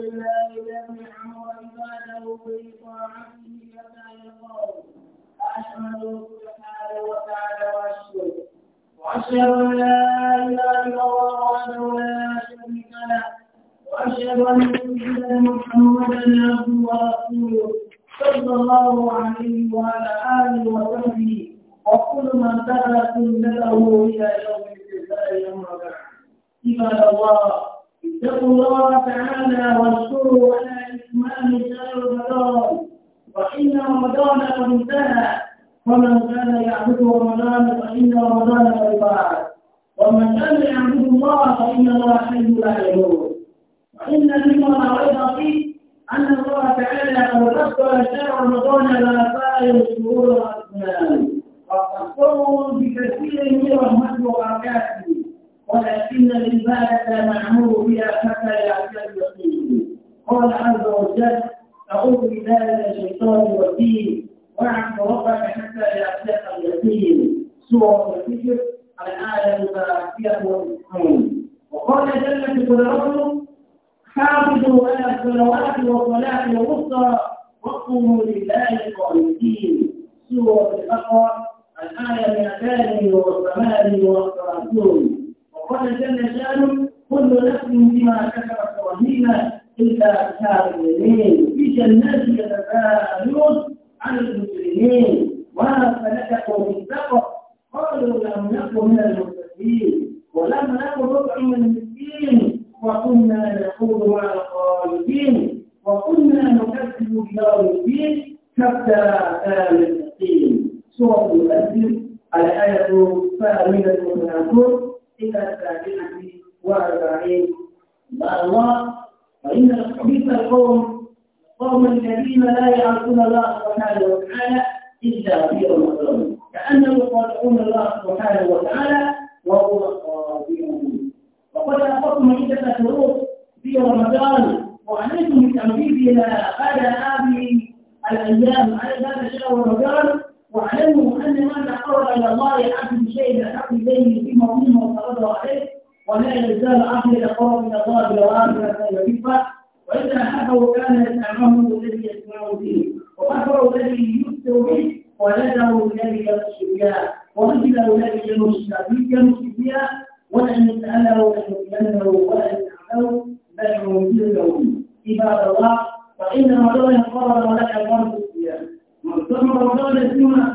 لله جميع امر عباده في طاعته متى يقول احمده سبحانه وتعالى واشكره واشهد ان لا اله الا الله وحده لا شريك له واشهد ان محمدا عبده ورسوله صلى الله عليه وعلى اله وصحبه وكل من ترك سنته الى يوم الجزاء يوم البعث عباد الله اتقوا الله تعالى واشكروا على إتمام شهر رمضان وإن رمضان قد انتهى ومن كان يعبد رمضان فإن رمضان قد فات ومن كان يعبد الله فإن الله حي لا يموت وإن مما رأيت فيه أن الله تعالى قد قدر شهر رمضان على سائر الشهور والأزمان وقد بكثير من رحمته وبركاته ولكن العبادة معمور بها حتى يعتد اليقين قال عز وجل أعوذ بالله من الشيطان الرجيم واعبد ربك حتى يأتيك اليقين سورة الفجر الآية الثلاثية والتسعون وقال جل قدرته حافظوا على الصلوات والصلاة الوسطى وقوموا لله قانتين سورة البقرة الآية 208 والثلاثون جل شانه كل نفس بما كسبت رهينه الا كتاب الليل في جنات يتساءلون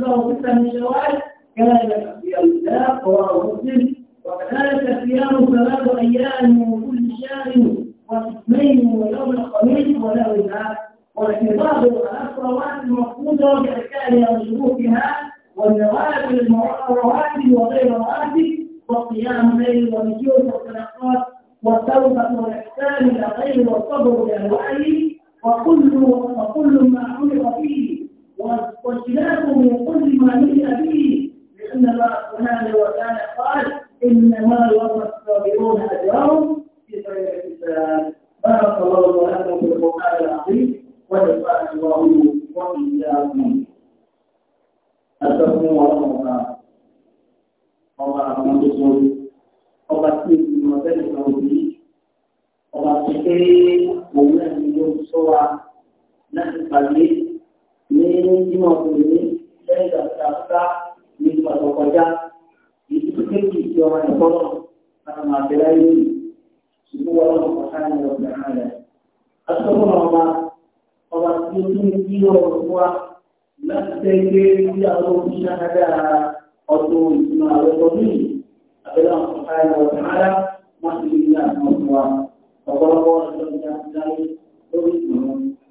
أكثر ستة من شوال كما يكفي الكتاب ومسلم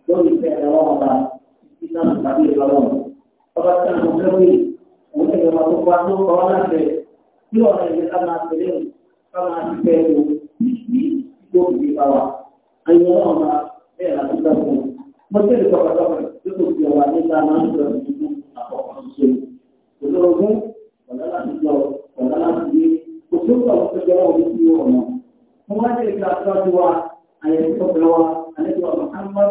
lórí ìfẹ́ ẹ̀rọ ọba títí náà tàbí ìrọ̀rùn ọba tí a mọ̀ lórí òun ní ìrọ̀rùn tó wá tó kọ́ láti tí ọ̀rọ̀ ìwé ká máa tẹ̀lé o ká máa ti fẹ́ o títí tó fi bá wa ayé ọ̀rọ̀ ọba bẹ́ẹ̀ la ti dáko mo tẹ̀lé tọkọtọkọ tó kò fi ọba níta máa ń sọ ìdíjú àkọ́kọ́ ṣe òṣòrògùn ọ̀dà láti jọ ọ̀dà láti gbé òṣòrògùn àwọn tó jẹ́ wọn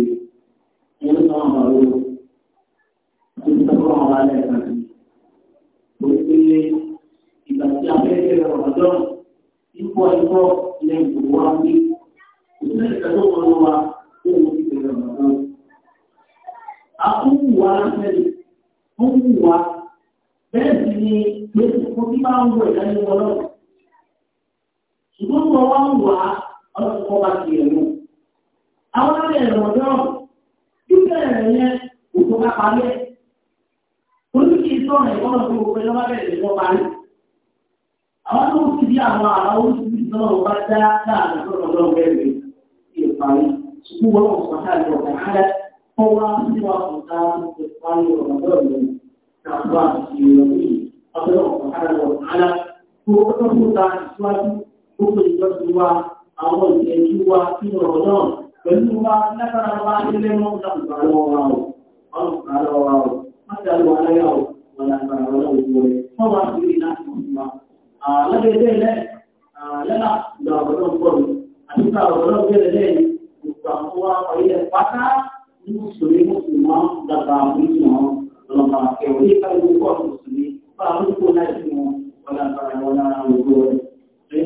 ìyẹn tó àwọn ọ̀rọ̀ àti ìtọ́kọ̀ àwọn alẹ́ kan. Mo ti ìgbà tí abẹ́rẹ́ rẹ̀ ọ̀dọ́ ikú ẹ̀kọ́ ilẹ̀ ìgbòho wa ní. Ìṣẹ́ ìtẹ́tọ́ wọn wá tó mo ti bẹ̀rẹ̀ ọ̀dọ́. Akúwù wa lásẹ̀lẹ̀, ó wù wá. Bẹ́ẹ̀ sì ni pé mo ti bá ń wọ ìdánilọ́wọ́ náà. Ṣùgbọ́n mo wá bẹ̀rẹ̀ yẹn òkú ká parí ẹ̀. Orí kì í sọ̀rọ̀ ìwọ́n lọ sí gbogbo ẹjọ́ bá bẹ̀rẹ̀ ìwọ́n parí. Àwọn tó ti di àwọn àrà oríṣiríṣi náà wọ́n bá dá láàrin tó lọ́dọ̀ bẹ̀rẹ̀ ìparí. Sùkú wọn ò sọ káàdì ọ̀gá kálẹ̀ kọ́ wá sí wa kò dá ìparí ọ̀gá lọ́dọ̀ Àwọn ìgbẹ́jú wa, àwọn ìgbẹ́jú wa, kí ọ̀rọ̀ náà pẹ̀lú bá lágbára bá nílé mọ́ lágbàrọ̀ wa ò ọlọ́gbàrọ̀ wa ò mọ́jàlú aláyà ò wọ́n lágbàrọ̀ ọlọ́gbò rẹ̀ wọ́n wá sí ìlà ìgbà alágbẹ̀dẹ̀ lẹ́ lẹ́nà ìgbà ọ̀rọ̀ gbọ́dọ̀ àti ìgbà ọ̀rọ̀ gbẹ̀rẹ̀ lẹ́yìn ìgbà tó wá ọ̀yẹ́ pátá ní mùsùlùmí mùsùlùmá dàgbà mùsùlùmá lọ́mọ akẹ́wọ̀ ní káyọ̀ pọ̀ mùsùlùmí bá a lóko láti wọn wọ́n lágbàrọ̀ wọn lára ògbó rẹ̀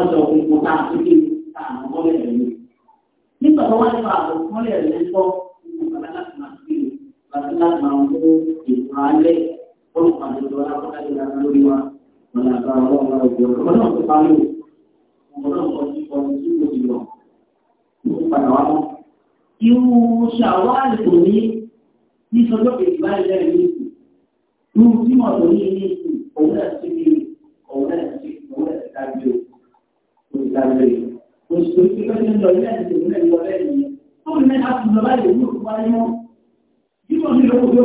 ọjọ́ gbogbo tá a tó dé tá a ni. nígbà tó wá nípa àbò mọ́lẹ̀ rẹ̀ ń tọ́ gbogbo bàbá láti máa fi bàbá láti máa mú ètò alẹ́ olùpàdé lọ́la kọ́kàlẹ́ la lórí wa lọ́la bá ọlọ́run lọ́wọ́ ìjọ ọmọ náà tó parí o ọmọ náà kọ́ sí ọmọ tí kò sí lọ ó padà wá mọ́. irú ṣàwárí kò ní ní sọjọ́ kejì báyìí lẹ́yìn ní ìsìn irú tí mo ní ìsìn òun lábẹ́ oṣù tí wọ́n ti ń lọ ilé ẹ̀sìn ìwé ẹ̀yọ lẹ́yìn yìí wọ́n ní a ti lọ láyé ní òkú wáyé mọ́ bí wọ́n ní lọ́wọ́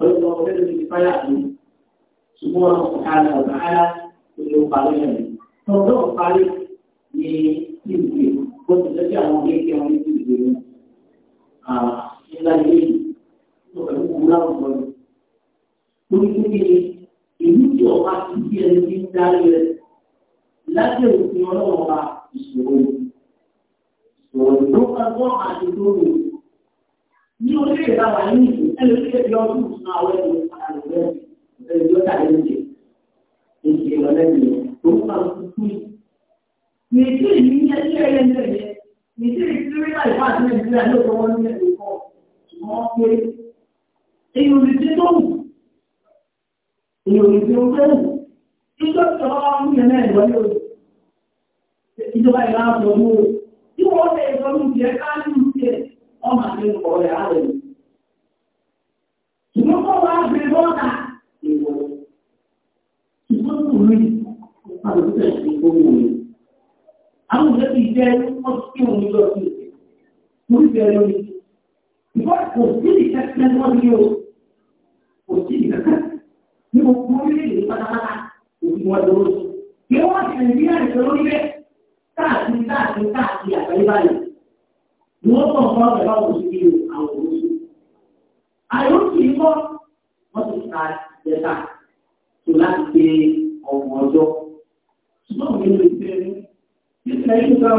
lọ́dún ọkọ̀ fẹ́ẹ́ lórí fáyà mi ṣùgbọ́n àwọn ọ̀kadà ọ̀kadà ló parí rẹ̀ tọ́jọ́ parí ní ìwé bó ti lọ́jọ́ àwọn kéèké wọn ní ìwé wọn nígbà yìí tó pẹ̀lú kúrú àwùjọ rẹ̀ lórí kékeré èyí tí ọba ti di ẹni tí ń darí rẹ̀ láti òfin ọlọ́wọ́ ọba ìṣòro ìṣòro ló bá gbọ́ àti tó rò ó ní orílẹ̀ èdè àwọn àyè nìyí ẹni orílẹ̀ èdè ọdún ìsúná àwọn ẹni àlùfẹ́ ìjọba ẹ̀jẹ̀ èjì ìrọ̀lẹ́bí tó ń pàrọ̀ kúkú yìí. Nìtí ìlú ní ẹgbẹ́ ẹ̀yẹ ń tẹ̀lé nìtí ìtìrí láì fà sí Nàìjíríà ló fọwọ́ ní ẹ̀kọ́ ṣùgbọ́n pé èyí ò lè dé tó wù èyí ò lè dé tó wù ìjọ ìjọba wa ń yẹn náà ìwọlé o ìjọba ìlànà ọ̀dọ́ mú o tí wọ́n fẹ́ ìjọba ìjẹ́ káàdì ìjẹ́ ọmọ àti ọ̀rẹ́ ààrẹ mi. Ṣùgbọ́n kọ́ wa gbé bọ́ọ̀dà ìwọ̀. Ṣùgbọ́n kò rí àlùfẹ́ ìgbóhùn mi. Àwọn òṣèré ti jẹ́ wọ́n ti kí òun lọ sí ìsìn. Mo rí bẹ̀rẹ̀ lórí. Ṣùgbọ́n kò sí ìkẹ́kẹ́ wọ́n ní o. Kò sí ìkẹ́kẹ́. Ní mo kú orílẹ̀-èdè pátápátá, òfin wọn lọ́wọ́ sí. Bí wọ́n ti rìn bí àìsàn lórí bẹ́ẹ̀, káàkiri káàkiri káàkiri àgbáyé báyìí ni wọ́n mọ̀ fún ọ̀rẹ́ báwo sí kí àwọn òṣèlú. Àyọ̀ kì í mọ́ wọ́n ti ta ìjẹta tó láti gbé ọ̀gbọ̀n ọjọ́. Ṣùgbọ́n mi lè fẹ́ ní ìfẹ́ ìgbà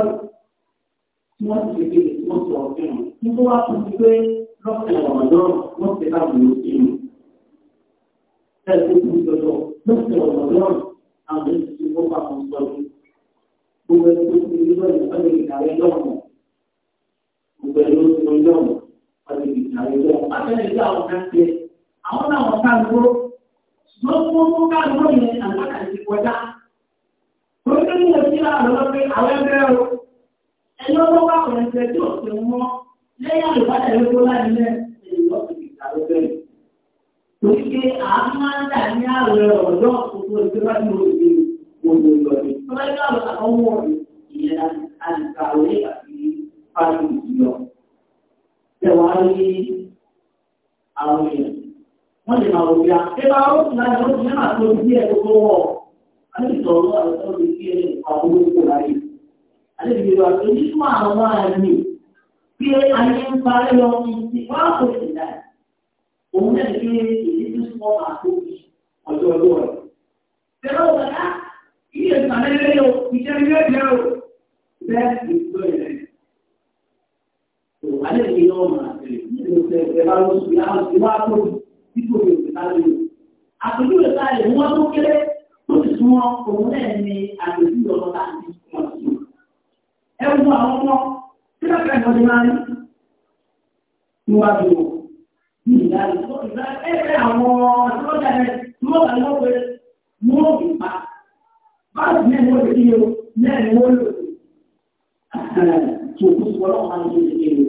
tí wọ́n ti gbé tí wọ́n ti ọ̀fẹ́ wọn. Nígbà wá fún mi pé lọ́sẹ̀ ọ̀dọ́ wọ́n ti bá wọn sí mi. Bẹ́ẹ̀ tó kú ìjọjọ́ lọ́sẹ̀ ọ̀dọ́ àwọn àwọn gbogbo ẹni ló tó yọ̀ di ìjà ìjọ àtẹ̀lé ìjà àwọn kan tiẹ̀ àwọn náà wọ́n ká ló ló mú mú ká ló yẹn àgbàkà ti kọjá torí pé mo ti ra àlọ́ pé àwọn ẹgbẹ́ o ẹni ọgbọ́n bá kọ̀ ẹsẹ̀ tí ò ti mọ́ lẹ́yìn àlùbádà ló tó láì lẹ́ èyí lọ́ ti di ìjà ló fáyì ìyọ. Tẹ̀wọ̀n rí àwọn èèyàn. Wọ́n lè máa wò bí a. Ṣé bá ó ti láyé ó ti ní àti ẹ̀ gbogbo wọ̀? A lè sọ̀rọ̀ àwọn Òun náà ní pé tó súnmọ́ àkókò ọjọ́ ọjọ́ rẹ̀. Tẹ̀wọ̀n ọ̀gá ilé ìtàn o, ìṣẹ́ ilé ìjẹ́ o. Bẹ́ẹ̀ ni ìgbọ́ ìrẹ́ alẹ́ mi yóò máa tẹ̀lé nínú tẹ̀lé bá lọ sí àwọn ìwà àtọ́jú tí kò lè fi lálẹ́ yìí. àpèjú rẹ̀ sáàlẹ̀ wọ́n tó kéré tó ti sún wọn òun náà ni àpèjú ọmọ láti wọn sí. ẹ wo àwọn ọmọ tí wọ́n fẹ́ lọ́dún máa ń níwájú wọn. ní ìyá ìgbà ẹ fẹ́ àwọn àtọ́jà rẹ̀ tí wọ́n bá lọ́wọ́ pé wọ́n fi pa. báwo ni ẹ̀ ń wọ́n ti kí ni o? ní ẹ̀ ń wọ́n lò. àtàlà tó kú sí ọlọ́run á ń tó ti kí ni o.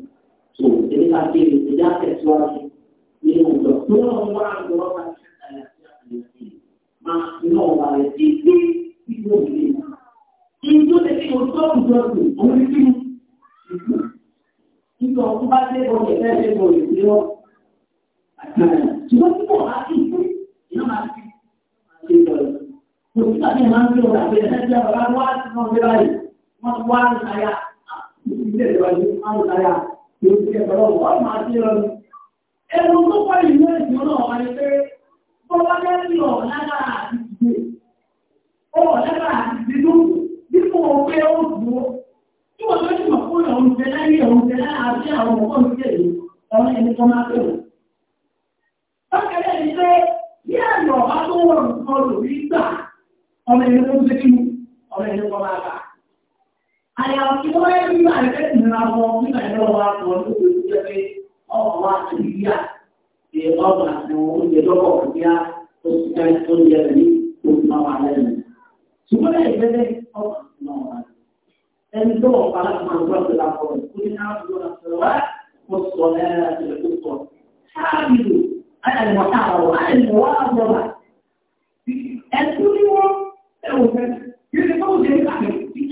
So jadi kaki tidak seksual minum dok. Kalau orang orang ma no vale titi di mobilina. Into the thing was so important, only thing. Into a bad day for the best for you, you know. So what people are thinking, you know, I'm thinking. Kò sí àti ìhàn tí ó rà pé ẹ̀ẹ́dẹ́gbẹ́ ọ̀la wá sí ọ̀gbẹ́ báyìí, wọ́n wá ní àyà, ìdílé ìwádìí, wọ́n wá ní àyà yóò ti ẹ̀rọ wọ́n máa ti rọ ní. Ẹnu tó pọ̀ ìlú ẹ̀sìn náà wà ní pé bọ́lá bẹ́ẹ̀ ní ọ̀rọ̀ lára àti ìgbé. Ọ̀rọ̀ lára àti ìdílú dípò pé ó dúró. Tí wọ́n lọ́ọ́ jùmọ̀ fún ọ̀rọ̀ oúnjẹ láyé oúnjẹ lára àti àwọn ọmọ oúnjẹ yìí, ọ̀rọ̀ ẹni tó máa bẹ̀rẹ̀. Bákẹ́lẹ́ ni pé bí àyọ̀ bá tó wọ̀ nǹkan lò ní gbà, ọmọ ẹni tó ń ṣe kí ọmọ ẹni tó máa bà àyàfi tó wáyé nígbà ẹgbẹ́ ìnira wọn nígbà jẹ́ pé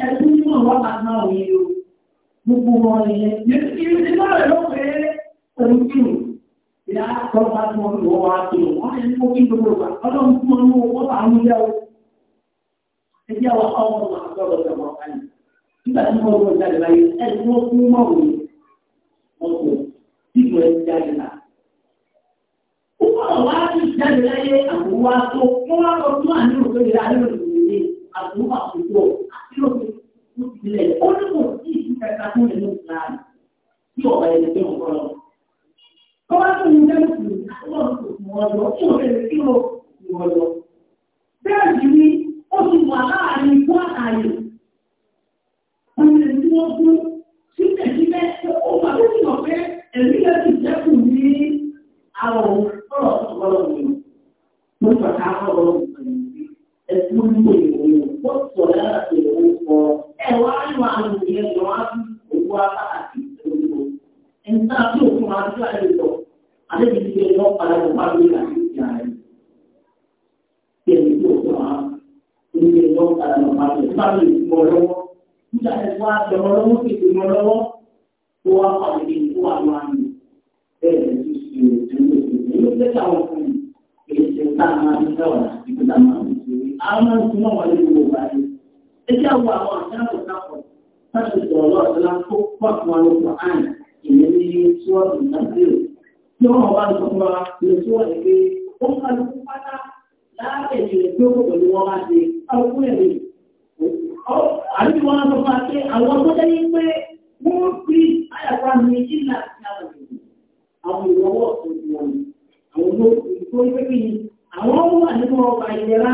ẹ̀kú nínú wákà náà ní o gbogbo wọn ni ìrìnlẹ̀ náà rẹ̀ ló pé pẹ̀lú kírù ìyá tọ́lá tí wọ́n lọ wá kí o wọ́n ní kó gbogbo wa ọlọ́run tí wọ́n mú owó bá ń yẹ o ẹjẹ́ wa ọmọ ọmọ àgbọ̀rọ̀ ọ̀dọ̀ wọn kan nígbà tí wọ́n wọ́n jáde ó wọ́n wá jáde láyé àbúwá tó wọ́n wá lọ àníwò tó yẹ àdúrà àkókò àti òkè ìpìlẹ̀ ó ní kò sí ìfẹ́ta tó lè mú ìlànà tí ọ̀rọ̀ ẹni tó ń kọ́ lọ. tó ní lẹ́nu àtúbọ̀ tó fún ọ lọ kí òun kí ó fún ọ Bẹ́ẹ̀ sì ni ó ti wà láàárín ikú àtàyè. Wọ́n lè tí wọ́n kú síbẹ̀síbẹ̀ ó wà lórí ọ̀fẹ́ ẹ̀mí yẹn ti dẹ́kun àwọn ọ̀rọ̀ mi ẹ̀fúnpọ̀ ìwòye wọ́n sọ lára ìwòye kọ ẹ̀ wá nínú àwọn ìyẹn lọ wá sí owó apá àti ìṣòro ẹ̀ńtà tí òkú máa ń sáré lọ àlejò ti yẹ lọ́ọ́ padà wọ́n bá lórí àti ìjà rẹ̀ bí ẹni tí òkú máa ń yẹ lọ́ọ́ padà wọ́n bá lórí bá lórí ìmọ̀ lọ́wọ́ nígbà tí wọ́n á jẹ ọmọ lọ́wọ́ kéde mọ́ lọ́wọ́ tó wá pàdé ní kó wà lọ́wọ́ àmì bẹ́ẹ̀ ni tó ṣe òkú ní mùsùlùmí àwọn máa ń sún náà wọlé gbogbo ìgbà yìí. ẹ jẹ́ àwọn àwọn àṣàkọ̀ kápọ̀ láti sọ̀rọ̀ lọ́ọ̀dọ́lá tó pọ̀ fún wọn lóko àn ìyẹn ní ṣúwọ́ọ̀dù nàìjíríà tí wọ́n wá ń sọ fún wa lè ṣúwọ́ọ̀dù pé ó ń kálukú pátá láàárín ìrìn tí ó kò pẹ̀lú wọn máa ṣe kálukú ẹ̀mí. àbí wọn sọ fún wa pé àwọn tó jẹ́ yín pé wọ́n fi àyàfà mi ìlà sí àwọn ìlú àwọn ìrọwọ́ ọ̀sán ti wọn àwọn olóògùn tó ń pè mí àwọn ọmọ wà nínú ọgbà ìlera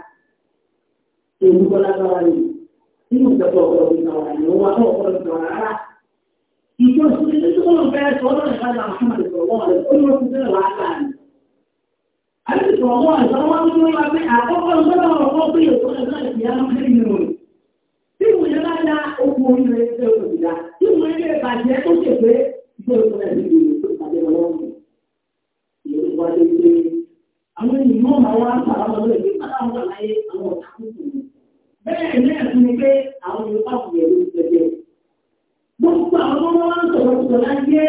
èyí tó lágbára rẹ̀ nínú ìjọba ọ̀pọ̀lọpọ̀ ìgbàwà ni wọ́n wá ọ̀pọ̀lọpọ̀ ìgbàwà rárá. Ìjọ ìṣẹ̀lẹ̀ tó tó lọ bẹ̀rẹ̀ sọ lọ́nà ìbára Muhammad sọ̀rọ̀ wọn rẹ̀ ó ní oṣù bẹ̀rẹ̀ wá gbà ní. Àbíkì sọ̀rọ̀ wọn rẹ̀ sọ̀rọ̀ wọn tó wá pé àkọ́kọ́ ìgbàlá náà ti pé táwọn àwọn ọ̀tá kò tó. Bẹ́ẹ̀ náà tún ni pé àwọn Yorùbá kò yẹ lórí pẹ̀lú. Gbogbo àwọn ọmọ wọn ń sọ̀rọ̀ sọ̀rọ̀ láyé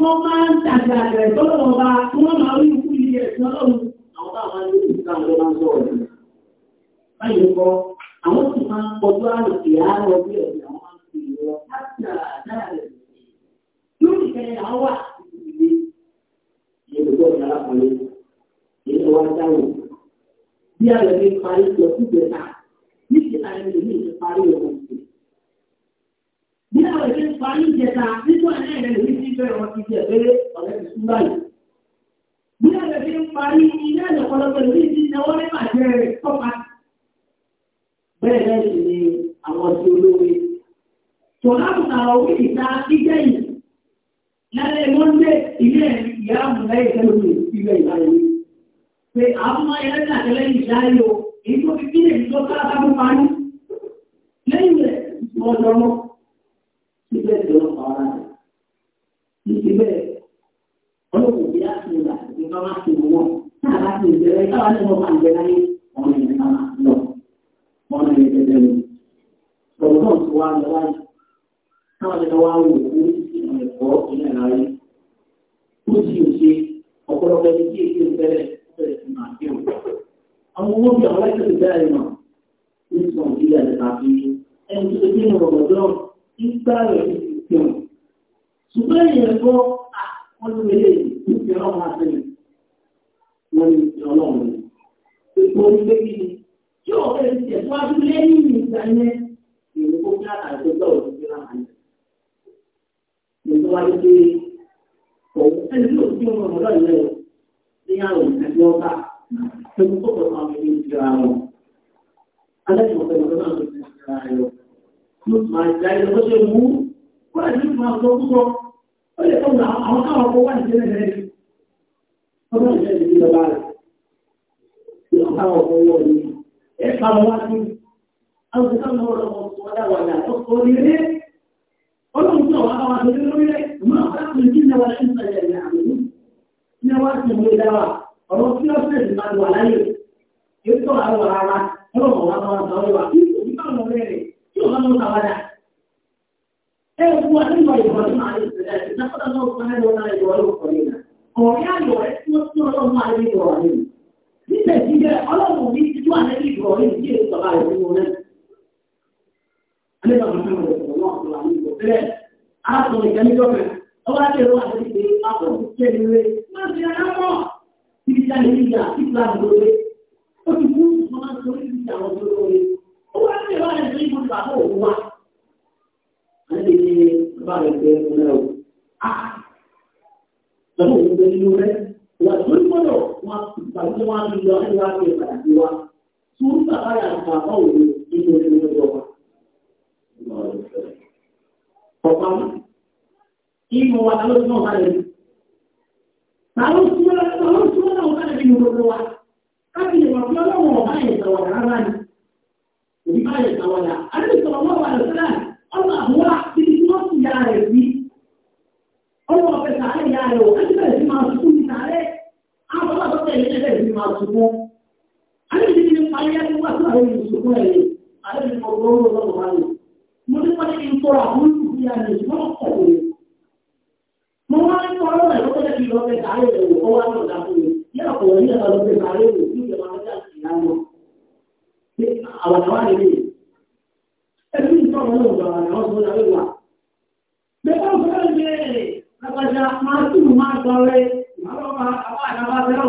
wọ́n máa ń tàgbà rẹ̀ tọ́lọ̀ ọba tí wọ́n máa rí ikú ilé ẹ̀sìn ọlọ́run àwọn bá wọn ní ìdíkà wọn máa ń sọ̀rọ̀ rẹ̀. Báyìí kọ́, àwọn sì máa ń pọ̀jú àrùn ìyá àwọn bí ẹ̀sìn àwọn máa ń fi ìwọ káàkiri àdára rẹ̀. Lórí ìfẹ́ àwọn wà ní ìdílé, ìyẹn ló gbọ́ bí ààrẹ mi parí lọ sí ìgbẹ́ta ní ti ààrẹ mi lè parí ọ̀rọ̀ ìgbẹ́. bí ààrẹ mi parí ìjẹta nígbà náà rẹ̀ lè ti bẹ̀rẹ̀ wọn ti jẹ bẹ́rẹ̀ ọ̀rẹ́ ti sún báyìí. bí ààrẹ mi parí iná ìlọ̀pọ̀lọpọ̀ lè ti náwó nípa jẹ́ rẹ̀ tọ́pa. bẹ́ẹ̀ náà sì ni àwọn ti olóore. tọ́lá òwe ìta ìjẹ́yìn lálẹ́ mọ́ndé ilé ìyá àmúlẹ́yìn tẹ́lómi ìlẹ̀ ìlànà pé àwọn ọmọ tẹ́lẹ́yìn ìdáyé èyí tó fi kílè tó káàkà parí lẹ́yìn rẹ̀ wọ́n síbẹ̀ tó lọ pa ara rẹ̀ ní síbẹ̀ ọlọ́pàá bí láti mú la ní bá máa ti mú wọn náà bá ti bẹ̀rẹ̀ káwá ní wọn máa ń bẹ̀rẹ̀ ayé ọmọ ìyẹn ká máa lọ ọmọ ìyẹn bẹ̀rẹ̀ ọ̀rọ̀ náà tó wá lọ wáyé káwọn ẹ̀ka wá wò ọ̀rọ̀ bẹ̀rẹ̀ sí máa kí ẹni tó ti ti kí wọn. ṣùgbọ́n lẹ́yìn níyàwó tó wà ní ìjẹ́lẹ̀ rẹ̀. Wọ́n Àwọn ìjọba náà wọ́n lọ́wọ́ tó wọ́dà ní wọ́n ti mú ọba tẹ wá sí pé ọkọ̀ kẹrìnrẹ máa fi ara mọ́ ìjà ìjà ìjà lóore ó ti kú máa ń sọrí ìjà àwọn tó lóore ó wá tẹ wá ẹ̀sẹ̀ ìbò tó àbọ̀ òun wá. a lè ní bá rẹ̀ pé ẹ̀kún náà a lọ́wọ́ òun bẹ nínú rẹ̀ wà lórí gbọ́dọ̀ wọn tàbí wọn á lọ ìmọ̀ wa ta ló súnmọ́ ọ̀gá rẹ̀ ta ló súnmọ́ ọ̀gá rẹ̀ nínú gbogbo wa káàkiri lè mọ̀ pé ọlọ́run ọ̀gá yẹn sọ̀rọ̀ rárá ni òbí bá yẹn sọ̀rọ̀ là á lè sọ̀rọ̀ mọ́ wà lọ́sẹ̀lá ọ̀gá àbúrò títí tí wọ́n sì yára rẹ̀ sí ọmọ ọ̀fẹ́ sàárẹ̀ yára rẹ̀ ò á ti bẹ̀rẹ̀ sí máa sunkún ní sàárẹ̀ àwọn ọ̀gá tó tẹ̀lé ẹ̀ bẹ̀rẹ̀ sí máa sunkún á lè ní parí ẹ̀ wá sí àwọn ìṣòkò ẹ̀ mo wá ní kọ́ lọ́nà ìlú tẹ́lẹ̀ kí lọ́pẹ́ sáré rẹ̀ wò ó wá ní ọ̀dà fún mi ní ọ̀pọ̀lọpọ̀ ní ẹ̀ka lọ́pẹ́ sáré rẹ̀ kí ìjọba ọjà sì yá lọ. pé àwọn àwọn àlejò ẹbí ìtọ́nà náà ọ̀dọ̀ àwọn àwọn ọ̀dọ́ láwé wà. bẹ́ẹ̀ bá wọ́n ṣe é lápájá máa tún máa sọ rẹ̀ máa lọ́ àwọn àdàbà bẹ́ẹ̀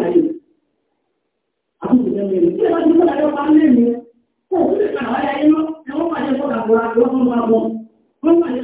wọ́n Wọ́n pàdé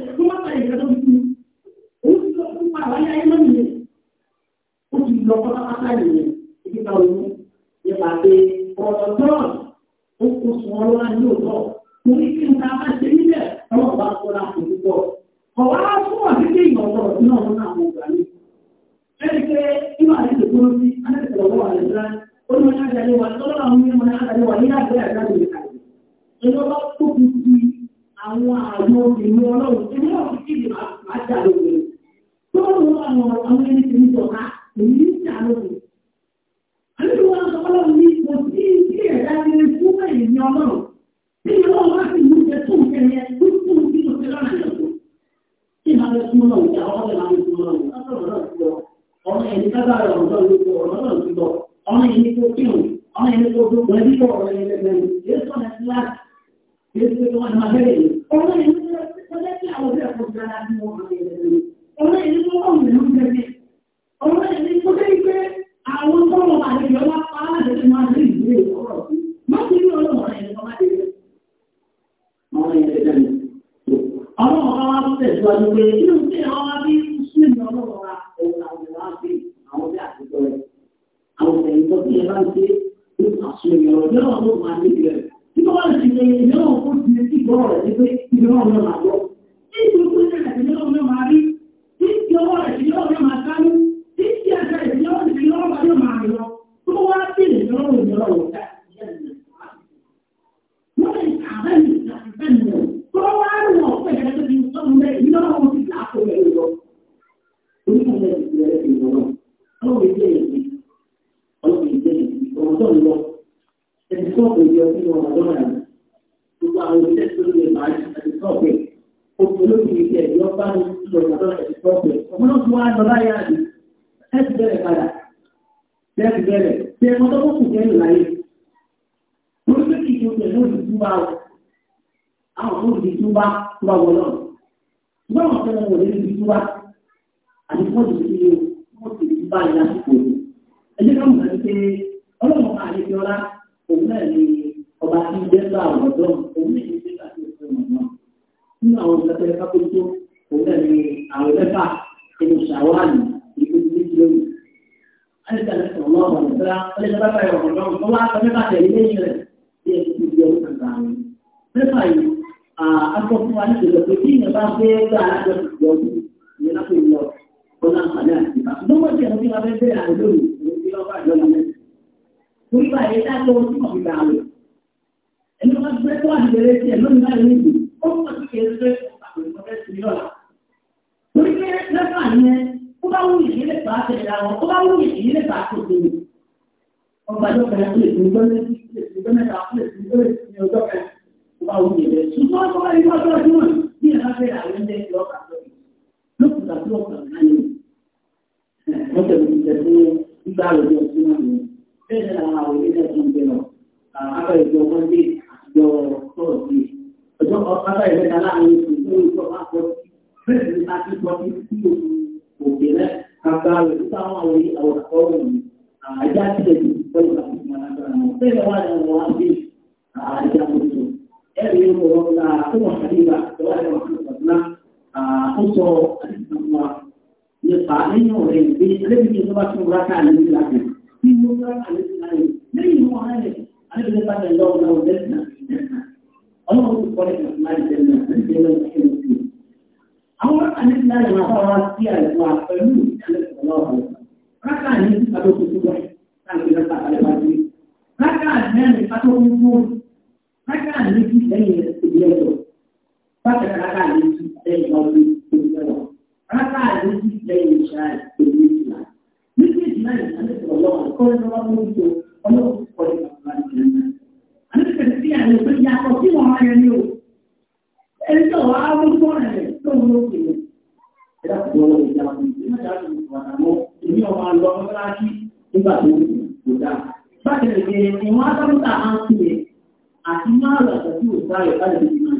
bá ń ṣe ó àṣọ ìyọ̀rọ̀ náà ló máa ní ìrẹ̀. Tí wọ́n bá ti ṣe ìyọ̀rọ̀ ó ti ti gbọ́ ọ̀rọ̀ sí pé ìyọ̀rọ̀ náà máa láǹfààní àti ìbá. Gbogbo ìṣẹ̀lẹ̀ tí wọ́n fẹ́ bẹ̀rẹ̀ àwọn olóòrùn ìṣòro tí wọ́n bá jọ lọ mẹ́ta. Torí bá yẹ ká tó tí kò fi gbà wẹ̀. Ẹni wọ́n gbé tó àdìbẹ̀rẹ̀ tiẹ̀ lónìí láyé níbi, ó pọ̀ sí kí ẹgbẹ́ Torí pé lẹ́fà yẹn, ó bá wù yìí lè bá tẹ̀lé àwọn, ó bá wù yìí lè bá tó tẹ̀lé. Ọgbà ọjọ́ kan lè fi gbọ́ méjì, lè fi gbọ́ mẹ́ta, lè fi gbọ́ méjì wọ́n tẹ̀lé ti tẹ̀ fún gbígbá lójú ọdún náà ni bẹ́ẹ̀ ni àwọn àwọn ilé ẹ̀sùn ń lọ àbáyé ìjọ mọ́ndé àtijọ́ tọ́ọ̀dì ọjọ́ àbáyé mẹ́ta láàrin oṣù tó ń sọ àpọ̀ bẹ́ẹ̀ ni a ti sọ ní sí òkè rẹ̀ kàkà rẹ̀ nípa àwọn àwọn àwọn àkọ́wọ̀ yìí àjá ti pẹ̀lú àti ìmọ̀lágbára wọn bẹ́ẹ̀ wà ní àwọn àgbẹ̀ àjá mọ́tò ẹ̀rí ìwọ̀n nípa nínú rẹ̀ ìgbé ẹlẹ́bìtì tó bá tún rákà lórí láti tí ó rákà lórí láti lẹ́yìn ìwọ̀n rẹ̀ alẹ́bìtì bá tẹ̀ lọ́wọ́ lọ́wọ́ lẹ́sìn ọlọ́run tó kọ́ lẹ́sìn láti tẹ̀lé lẹ́sìn lẹ́sìn lẹ́sìn. àwọn rákà lẹ́sìn láti máa bá wa sí àìsàn àpẹlú ìdálẹ́sìn ọlọ́run rákà lẹ́sìn kátó tuntun wẹ̀ láti rákà alẹ́bàdì rákà lẹ́sìn kátó tuntun rákà lẹ́sìn lẹ́yìn ìgbẹ́jọ rákà lẹ́sìn lẹ́yìn ọdún ìgbẹ́jọ rákà lẹ́sìn lẹ́yìn ìṣáà pẹ̀lú ìṣúná. Nígbà ìṣúná yìí, àti ìṣòro lọ́wọ́ àkọ́rẹ́ lọ́wọ́ mú ìṣó ọlọ́run kọ́ ní bàbá ìṣẹ́ náà. Àti ìṣẹ̀lẹ̀ sí àlẹ́ pé yàtọ̀ sí wọn máa yẹn ní o. Ẹni tó wà á mú fún ẹ̀rẹ̀ tó ń lò kìlì. Ẹ dákun lọ́wọ́ ìjà wọn. Ìjọba àti máa lọ àtàkì òṣìṣẹ́ rẹ̀ bá lè fi máa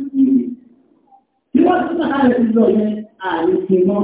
ń ṣe é. Bí wọ́n ti sọ̀rọ̀ rẹ̀ ti lọ yẹn, àlè ti mọ́.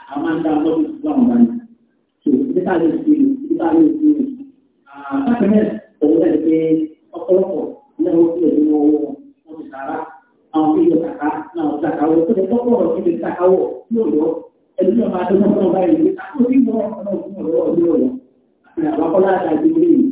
a máa ń dá lọ́dún láwọn bá tó nípa lè fi nípa lè fi bákan náà òun náà pé ọ̀pọ̀lọpọ̀ náà ó fi ẹ̀dínwó wọn ti sàrà àwọn fi yọ kàkà náà ó kàkà wọ tó lè tọ́pọ̀ ọ̀rọ̀ síbi kàkà wọ yóò yọ ẹni náà máa dọ́gbọ́n náà báyìí ní kákó tí mo ọ̀rọ̀ ọ̀rọ̀ ọ̀rọ̀ yóò yọ àti àbákọ́lá àti àgbègbè yìí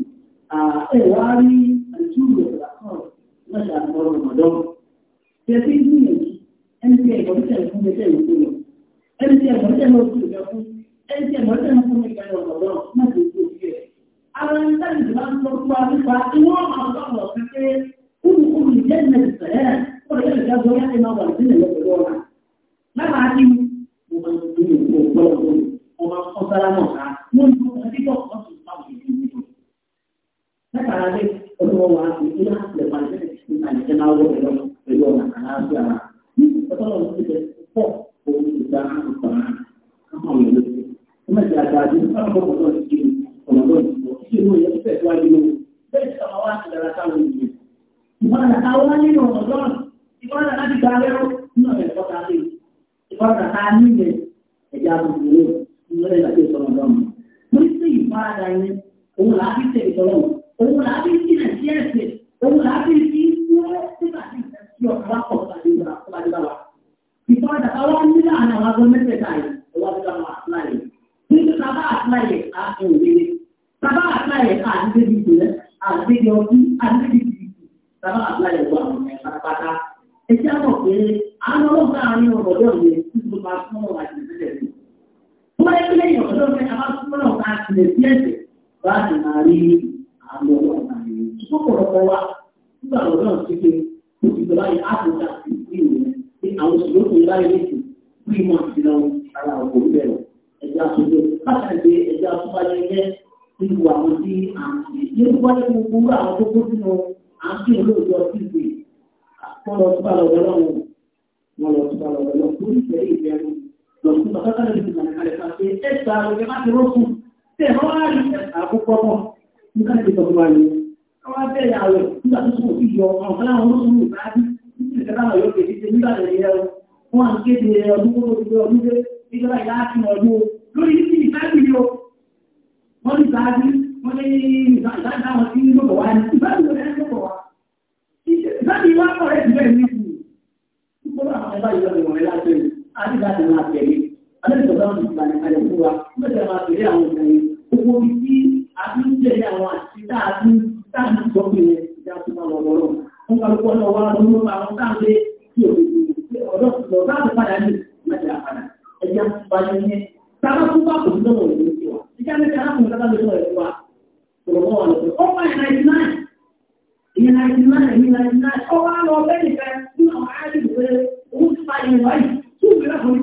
láti lè sí ẹ̀sẹ̀ láti máa rí àmọ́ ọ̀sán yìí. Ṣọ́pọ̀lọpọ̀ wa nígbà lọ́dọ̀ náà ti ṣe òṣìṣẹ́ báyìí áfíríkà sí ìlú rẹ̀ ní àwọn òṣìṣẹ́ òkè láyé lẹ́sì bí ìmọ̀ àti ìlànà ara òkò bẹ̀rẹ̀ ẹ̀já àtúndó látàgbé ẹ̀já àtúbáyé jẹ́ nínú àwọn tí à ń ṣe. Yẹ́n tó wáyé gbogbo àwọn tó kó sínú à ń ṣe olóòjọ́ sí ìwé kọ́lọ̀ ọ̀túbà lọ́dọ̀ lọ́wọ́ wọn lọ ọ̀túbà lọ́dọ̀ lọ́wọ́ tẹ̀mọ́ wá rí àkókò ọmọ nígbà tí ìtọ́jú wá rí àwọn abẹ́rẹ́ àwẹ̀ nígbà tó sùn ìyọ àwọn kan láwọn olóṣù ní ìbáàdí nígbà tí àwọn yóò kéde nígbà tí ìyẹ wọn à ń kéde ọdún kó lóṣù ọdún dé nígbà ìlà àti ọdún lórí ní ìbáàdí yóò wọ́n ní ìbáàdí wọ́n ní ìbáàdí àwọn tí ń lọ́kọ̀ wá ní ìbáàdí wọn ní lọ́kọ̀ wá ìbáàdì wá kọ̀ rẹ̀ jù bẹ́ẹ̀ ní ìgbà àwọn ẹgbẹ́ ìjọba ìwọ̀n alẹ́sọ̀ bá wọn ìgbà nìkalẹ̀ àwọn ọ̀gá yẹn gbogbo ibi ti ń tẹ̀lé àwọn àti tá a ti tá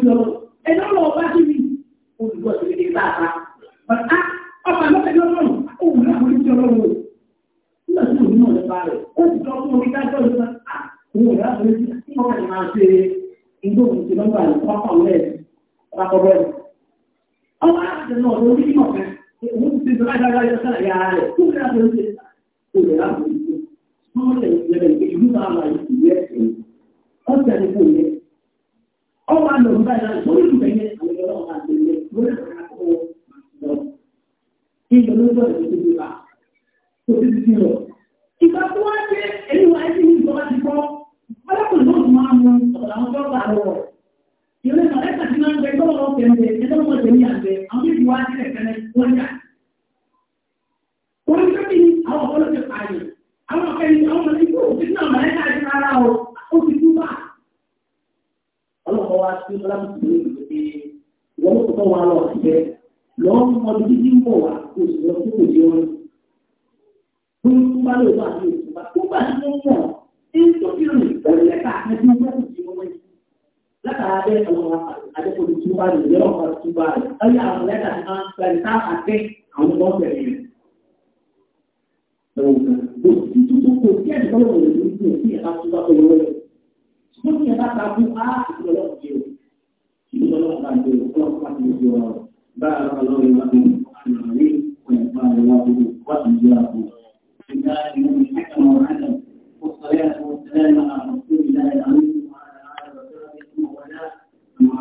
ọ̀rọ̀ nípa ìpápá wà ní ìjọba ti kọ́ ọlọ́kùnrin náà máa mú ọ̀làwọ̀n tó bá lọ ìwé mọ̀lẹ́kà tí máa ń gbẹ tọ́lọ́ wọn kẹ̀mẹ̀ ẹjọ́ wọn tẹ̀lé àgbẹ̀ àwọn méjì wá sí ẹ̀kẹ́lẹ́ wọ́n yà. wọ́n tó bí àwọn ọ̀pọ̀lọ́ ti pààyè àwọn akẹ́ni àwọn ọmọdé kú òfin náà mọ̀lẹ́kà ti rárá o ó fi tú bá. ọlọ́kọ̀ wa sí ọlámùsùn ní ìlú pé wọ́n ló kọ́ wa lọ sí ẹ lọ́ọ́ mọ ibi tí ń bọ̀ wá kó sì lọ sí òde wọn. tó ń túbá lóòótọ́ àti òtúbá tó gbà tí wọ́n mọ̀ látara bẹ́ẹ̀ àwọn àjẹkọ̀lù tí wọ́n bá lè lé ọ̀pá tí wọ́n bá lè ọ̀yà àwọn lẹ́tà tí wọ́n fẹ́ ní táwọn àti àwọn ọmọ ọ̀fẹ́ rẹ̀. Òtí tuntun kò sí ẹ̀sìn tó lọ́wọ́ lórí ìlú sí ẹ̀ka tó bá tọ̀wọ́ rẹ̀. Ṣé kí ẹ bá ta fún á ìlú ọlọ́run jẹ́ o? Ìlú ọlọ́run bá jẹ́ o, ọlọ́run bá ti jẹ́ o. Báyọ̀ ọlọ́run wá bí àlàyé ọ̀yẹ̀pá rẹ̀ wá bí wá ti jẹ́ àbò. Ìgbà ìlú ìfẹ́ kan ọ̀rọ̀ àjọ, ó sọ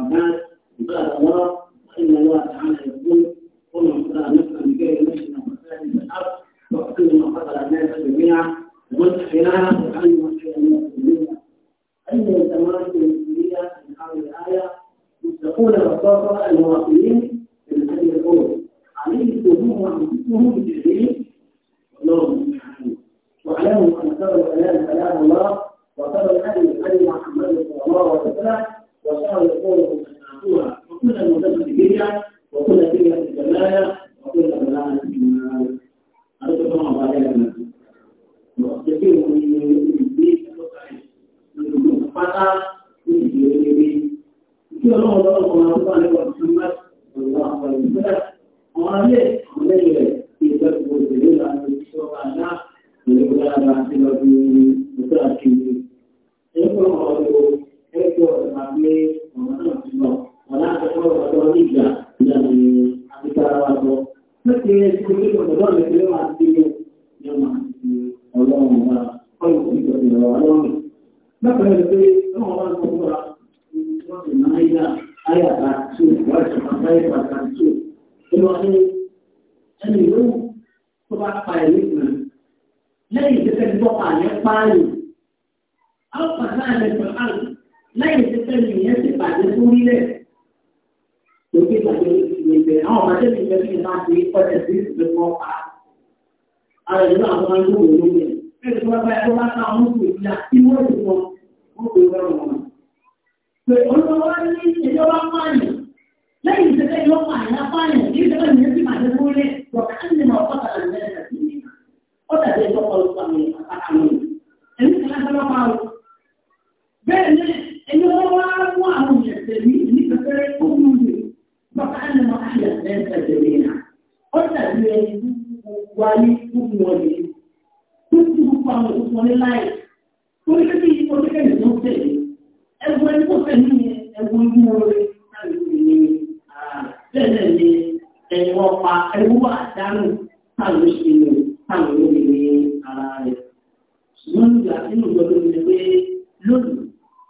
الأعمال بباب الله وإن الله تعالى يقول قل من قتل نفسا بغير نفس أو فساد في الأرض فاقتلوا من قتل الناس جميعا ومسحناها وجعلنا مسحنا المسلمين أي التمارس المسلمية من هذه الآية يتقون بساطة المواطنين من هذه الأمور عليه الوجوه وأنفسهم بالتجريب والله واعلموا أن سبب الكلام كلام الله وسبب الهدي هدي محمد صلى الله عليه وسلم وشعر قوله منعتوها وكل المدرسة بدعة وكل بدعة ضلالة وكل ضلالة في النار هذا كما قال لنا وكثير من البيت من فتاة من البيت كثير من الله عليه وسلم صلى الله عليه وسلم وعليه عليه في ذلك الدليل على الشرع على ويقول هذا سبب متأكد يقول الله pé ọ̀nà náà ti lọ ọ̀nà àtẹ̀kọ́ ọ̀dọ́ nígbà ìlànà àfikàrà wa lọ. Lókè ẹ̀sìn orí ọ̀dọ́ rẹ̀ ló máa ti lé ní ọmọ àti ọlọ́run wa kọ́lù sí ìjọba ìrọ̀ ọlọ́run. Lọ́pọ̀ ẹ̀ pé ọmọ wa sọ fún wa wọ́n sì máa ń yá ayàbá tó wà tó máa bá ìgbà kan tó. Ìwọ ni ẹni ìlú tó bá pa ẹ̀mí kan lẹ́yìn ìgbésẹ̀ tó pa àyẹ̀ pààyàn. Àwọn pàṣẹ àlẹ́ pẹ̀lú àlùkò láì ṣe fẹ́ mi yẹn ti bàjẹ́ sórí lẹ̀. Lókè ìbàjẹ́ ló ti lè bẹ̀rẹ̀. Àwọn ọmọdé mi fẹ́ mi máa ṣe ọ̀sẹ̀ sí ìṣẹ̀lẹ̀ kan pa. Ara ìlú àwọn máa ń lò wọ́n lóye. Bẹ́ẹ̀ni wọ́n bá ẹgbẹ́ wá sáwọn mú kò síra tí wọ́n ti wọ́n wọ́n kò wẹ́rọ wọn. Pé olùkọ́ ní ìṣẹ̀lẹ̀ wá pààyàn. Lẹ́yìn ìṣẹ̀lẹ̀ yóò pààyàn pààyàn ní ìṣẹ̀lẹ̀ yẹn ń ẹni wọ́n wá mú àwọn èèyàn tẹ̀lé ní pẹ̀pẹ́rẹ́ tó mú mi bàbá àná wọn àyà mẹ́ta tẹ̀lé náà ó dàbí ẹni wáyé tó mú wọn lè tó tún gbogbo àwọn òkú wọn láì tó ní kékeré yìí kó kékeré tó tẹ̀lé ẹgbẹ́ ẹni tó tẹ̀lé yẹn ẹgbẹ́ ẹni wọ́n rẹ̀ láti fi ní bẹ́ẹ̀ ni ẹni wọ́n pa ẹgbẹ́ wà dánù táwọn ní ara rẹ̀ ṣùgbọ́n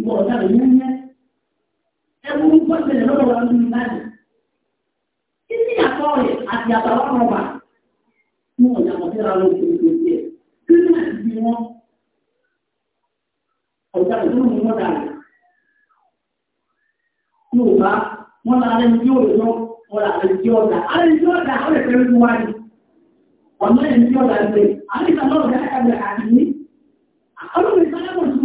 ìwọ ọ̀tá rẹ̀ ní ẹ́ ẹ̀mú gbọ́sẹ̀lẹ̀ lọ́wọ́ wa ní ìbàdàn títí àtọ́ rẹ̀ àti àtàwọn ọmọ wa ní ọ̀nà àmọ̀tẹ́ra ló ti ń gbé kí ní àti bí wọn ọ̀tá rẹ̀ tó ń wọ́n dà rẹ̀ yóò bá wọn là lẹ́nu tí yóò lọ wọn là lẹ́nu tí yóò dà alẹ́ tí yóò dà alẹ́ fẹ́ lójú wa ni ọ̀nà ẹ̀ni tí yóò dà gbé alẹ́ ìgbà náà ọ̀gá ẹ̀ka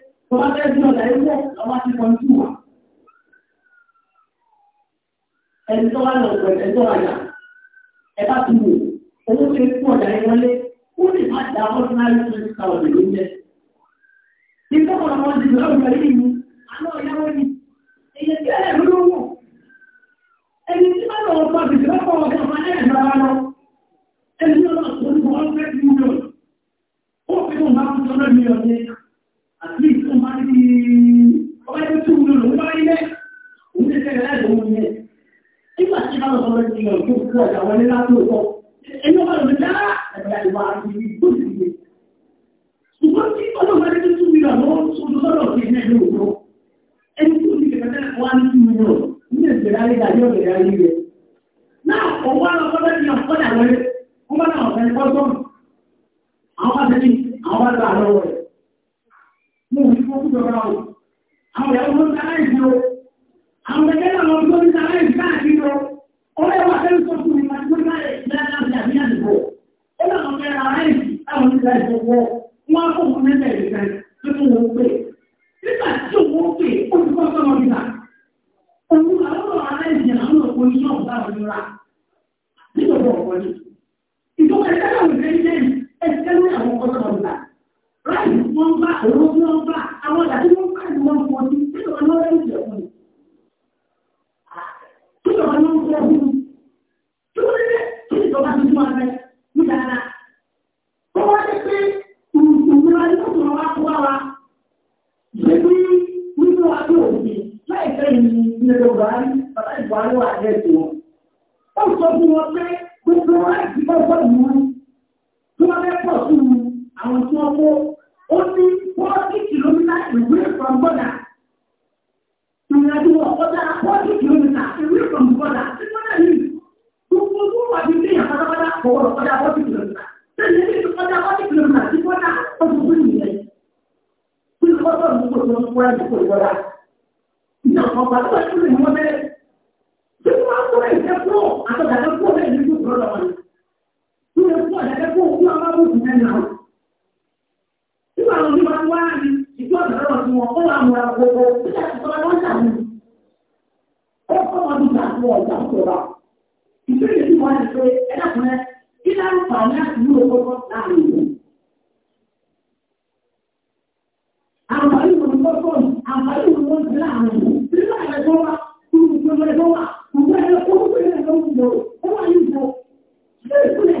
tó bá fẹ́ sí ọ̀dà ẹgbẹ́ ọmọ ti kọ́ ní wà. ẹni tó wá lọ pẹ̀lú ẹni tó wà yà ẹ bá ti wò owó tó kú ọ̀dà yẹn wọlé ó lè má da ordinary twenty thousand ló ń jẹ. ìgbà wọn ti ọba tó tó wúlò lòún bá ilé òun ti tẹ̀lé láti òun ilé nígbà tí bá lọ́sọ̀ lọ́sọ̀ ìyàn tó kú ọ̀dà wọlé láti òkọ ẹni ọba lọ́sọ̀ dára ẹ̀dá ìwà àti ìgbó ìgbé ṣùgbọ́n tí ọlọ́ba tó àwọn olùsọ̀rọ̀ ti mo ní fún ìjọba ẹgbẹ́ náà lọ tó ń ta láìsí káàkiri o ó lè wà sẹ́yìn tó fún mi máa tó láì láti àbí àdìgbò ó lè lọ bẹ̀rẹ̀ láìsí táwọn ti láìsí wọ wọn kó fún mi bẹ̀rẹ̀ kan tó tún wọn pè nígbà tí òun pè láti wọ́n bá àwọn tí wọ́n bá àwọn ìyá tí wọ́n bá ní wọ́n fọ́ sí tí wọ́n lọ́wọ́ ń jẹ fún mi. Tí wọ́n lọ́wọ́ ń jẹ fún mi. Tí wọ́n lé kí ìjọba ti tún abẹ ní dáadáa. Ó wá dé pé ìrora ní kòtò wa kó wá wa. Ṣé bí gbogbo láìpẹ́ bọ́ bọ́ ìmú. Tí wọ́n fẹ́ sí mi àwọn tí wọ́n kó ó ní forty kilometres away from border. Ìrìnàjò ọ̀kọ́dá forty kilometres away from border. Ṣé wọ́n náà yìí? Gbogbo tó wà ní ilé yẹn pátápátá kọ̀wọ́ ọ̀kọ́dá forty kilometres. Ṣé ilé yẹn ọ̀kọ́dá forty kilometres ti kọ́dá ọdún tó nìyẹn? Kí ni kọ́tọ́ ní gbogbo tó wà ní gbogbo ìbọ̀dá? Ìjà ọ̀pọ̀ àti wọ́n ti rìn wọ́n bẹ́ẹ̀. Ṣé wọ́n á ti wá rí ìjọ ìdáwọ̀ àwọn ará gbogbo nígbà tí láàrin ìlú. Àǹfààní tó tó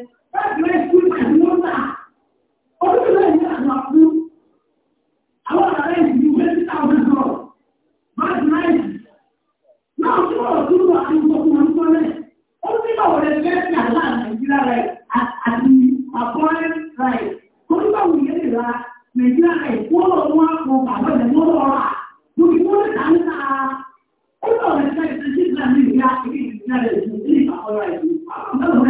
acquired rights. Torí báwo yẹn lè ra Nàìjíríà rights wọ́n lọ wọ́n á kọ bàbá rẹ̀ wọ́n lọ rà. Lórí wọ́n lè ta níta. Ó lọ rẹ̀ ṣe ṣe ṣe ṣe ní ìyá ìdí ìdílé rẹ̀ ju ní ìpàkọ́ rẹ̀ ju. Àwọn ọmọ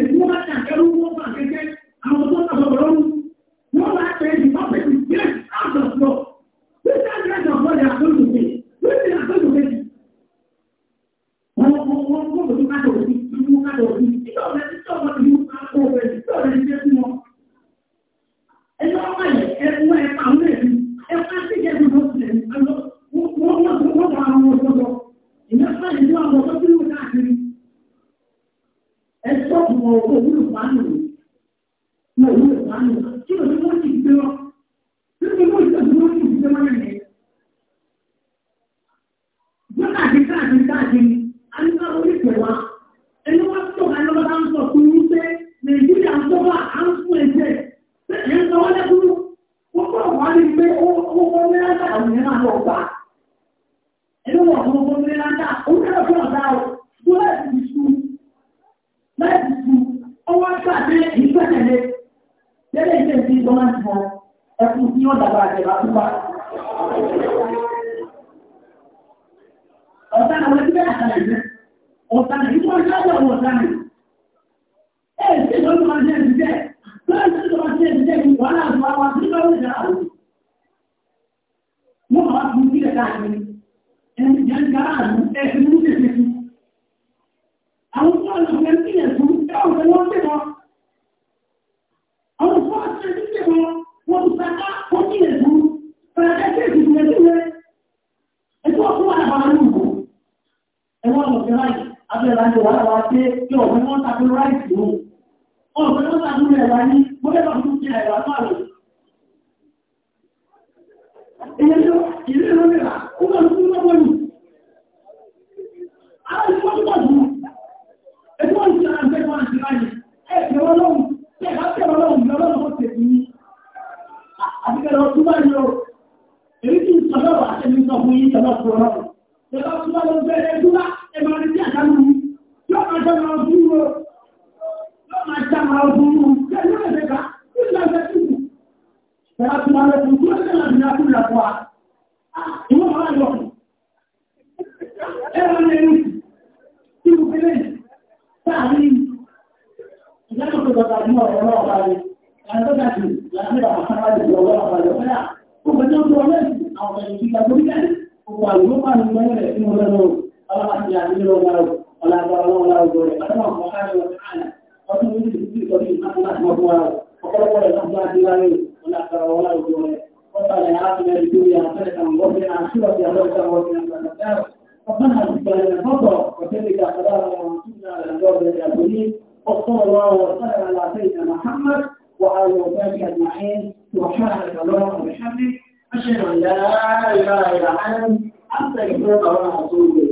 someone láàrin ẹ̀wà ní bóyá bá tún kí ẹ̀wà pààrọ̀. Èyí ló ìrí ìrọ̀ mẹ́ra, ó bá tún lọ́wọ́ ní. Àwọn ìfọ́júbọ̀ jù, ẹgbẹ́ wọn ti ara ẹgbẹ́ wọn ti ráyè, ẹ̀ẹ̀kẹ́ wọn lọ́wọ́, ẹ̀ẹ̀kẹ́ wọn lọ́wọ́ lọ́wọ́ tẹ̀sí ní. Àbíkẹ́ lọ tún bá yọ, èyí tí ń sọ̀rọ̀ àtẹ́mi sọ fún yí tẹ̀lọ́ fún ọlọ́run. Tẹ̀lọ́ tún bá lọ bẹ̀rẹ̀ ẹgbẹ́ ẹ máa já máa burú kẹ́lú ẹ̀fẹ́ ká kí ni ẹ̀fẹ́ kí ni. Ẹ̀rọ ti máa lẹ́kùn tó ẹ̀fẹ́ láti ní akúrò àpò à. Ìwọ́n máa yọ. Ẹ̀rọ ní ẹni tí mo fẹ́lẹ̀ sáàrí ìyá tó tó tọ́ta ní ọ̀rọ̀ náà bá rẹ̀. Ẹ̀rọ tó dàjú láti rà máa bá rẹ̀ lọ́wọ́ náà bá rẹ̀ fẹ́lá. Ó gbẹ́jọ́ tó ọlẹ́ àwọn ẹ̀yìn ìgbà tó ní kẹ́lẹ̀. Gbogbo àlùmọ́ máa ń gbẹ́rẹ̀ sínú ọlọ́run. Ọlọ́pàá ti àdúgbò ọlọ́run. Ọlọ́pàá ọlọ́run ọlọ́run وصلى الله وسلم على سيدنا محمد وعلى وفاته أجمعين سبحانك اللهم وبحمدك أشهد أن لا إله إلا أنت أستغفرك وأتوب إليك